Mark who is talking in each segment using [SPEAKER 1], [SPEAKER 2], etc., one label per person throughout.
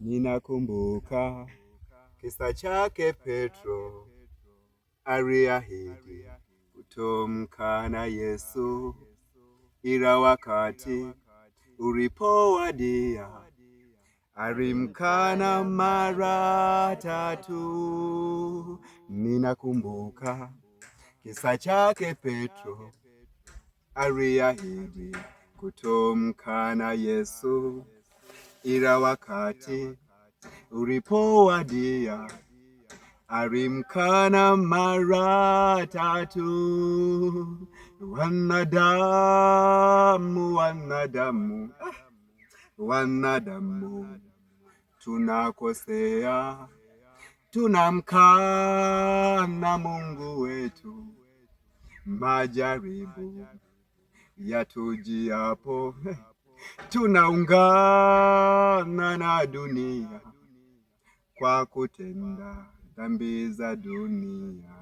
[SPEAKER 1] Ninakumbuka kisa chake Petro aliahidi kutomkana Yesu, ila wakati ulipowadia alimkana mara tatu. Ninakumbuka kisa chake Petro aliahidi kutomkana Yesu ila wakati ulipowadia alimkana mara tatu. Wanadamu, wanadamu, wanadamu tunakosea, tunamkana Mungu wetu majaribu yatujiapo tunaungana na dunia kwa kutenda dhambi za dunia.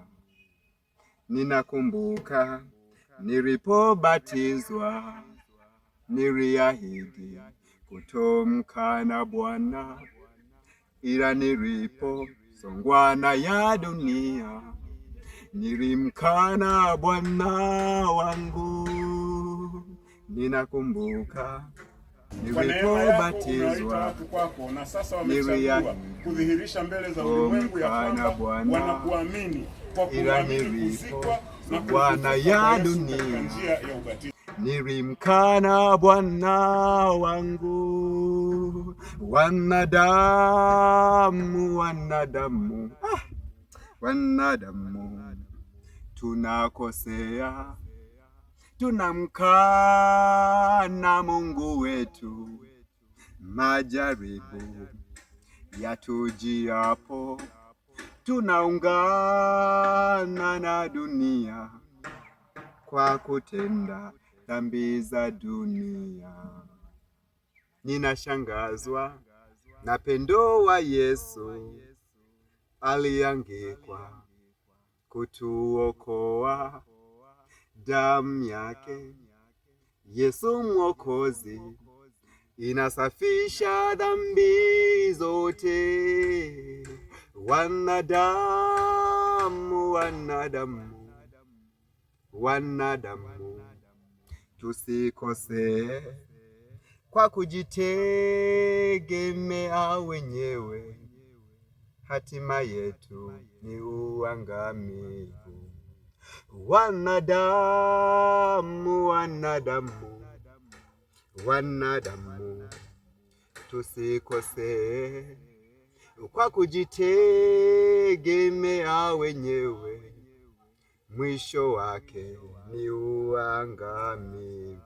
[SPEAKER 1] Ninakumbuka nilipobatizwa, niliahidi kutomkana Bwana, ila nilipo na ya dunia, nilimkana Bwana wangu ninakumbuka nilipobatizwa kwako, na sasa wamechagua kudhihirisha mbele za ulimwengu ya kwamba wanakuamini kwa kuamini kuzikwa na Bwana ya dunia ya ubatizo. Nilimkana Bwana wangu, wanadamu, wanadamu, ah, wanadamu tunakosea tunamkana Mungu wetu, majaribu yatujiapo, tunaungana na dunia kwa kutenda dhambi za dunia. Ninashangazwa na pendo wa Yesu, aliangikwa kutuokoa Damu yake Yesu Mwokozi inasafisha dhambi zote. Wanadamu, wanadamu, wanadamu, tusikose kwa kujitegemea wenyewe, hatima yetu ni uangamivu. Wanadamu, wanadamu, wanadamu, tusikose kwa kujitegemea wenyewe, mwisho wake ni uangamivu.